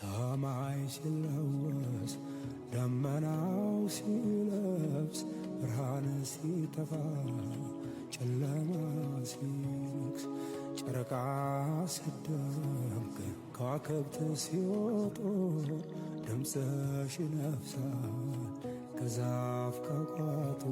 ሰማይ ሲለወስ ደመናው ሲለብስ ብርሃን ሲተፋ። ጨለማ ሲነግስ ጨረቃ ስደምቅ ከዋክብት ሲወጡ ድምፅሽ ይነፍሳል ከዛፍ ከቋጡ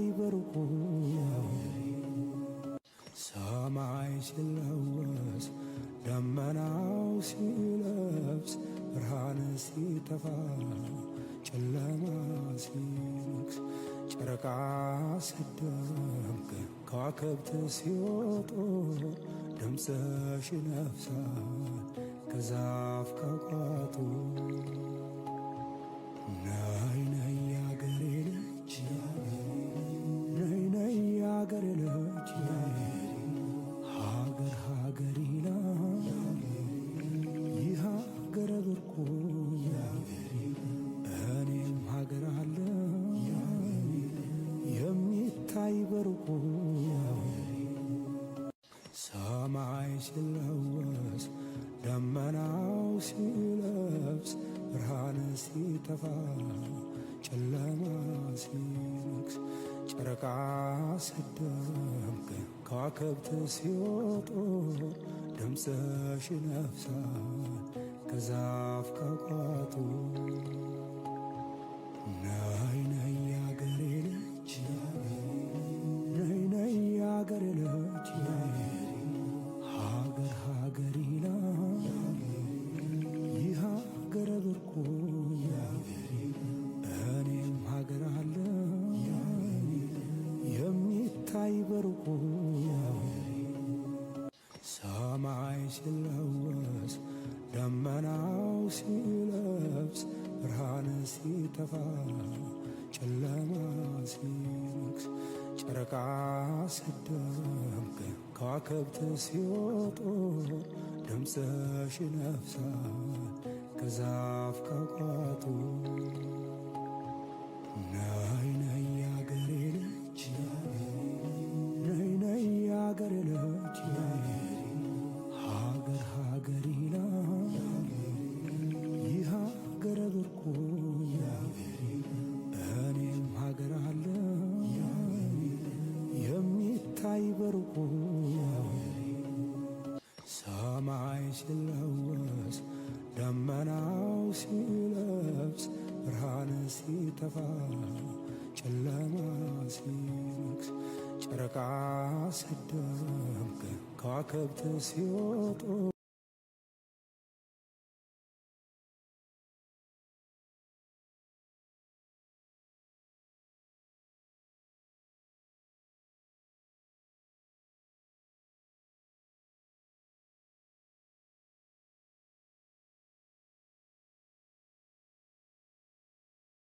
ሰማይ በሩቁ ሰማይ ሲለወስ ደመናው ሲለብስ ብርሃን ሲጠፋ ጨለማ ሲነግስ ጨረቃ ስደምቅ ከዋክብት ሲወጡ ድምፅሽ ይነፍሳል ከዛፍ ከቋጡ ሰማይ ሲለወስ ደመናው ሲለብስ ብርሃን ሲጠፋ ጨለማ ሲነግስ ጨረቃ ስትደምቅ ከዋክብት ሲወጡ ድምፅሽ ይነፍሳል ከዛፍ ከቋጡ ነይ ነይ ሲታይ በሩቁ ሰማይ ሲለወስ ደመናው ሲለብስ ብርሃን ሲጠፋ ጨለማ ሲነግስ ጨረቃ ስደምቅ ከዋክብት ሲወጡ ድምፅሽ ነፍሳ ከዛፍ ከቋጡ ሲታይ በርቁ ሰማይ ሲለወስ ደመናው ሲለብስ ብርሃን ሲተፋ ጨለማ ሲነግስ ጨረቃ ሲደምቅ ከዋክብት ሲወጡ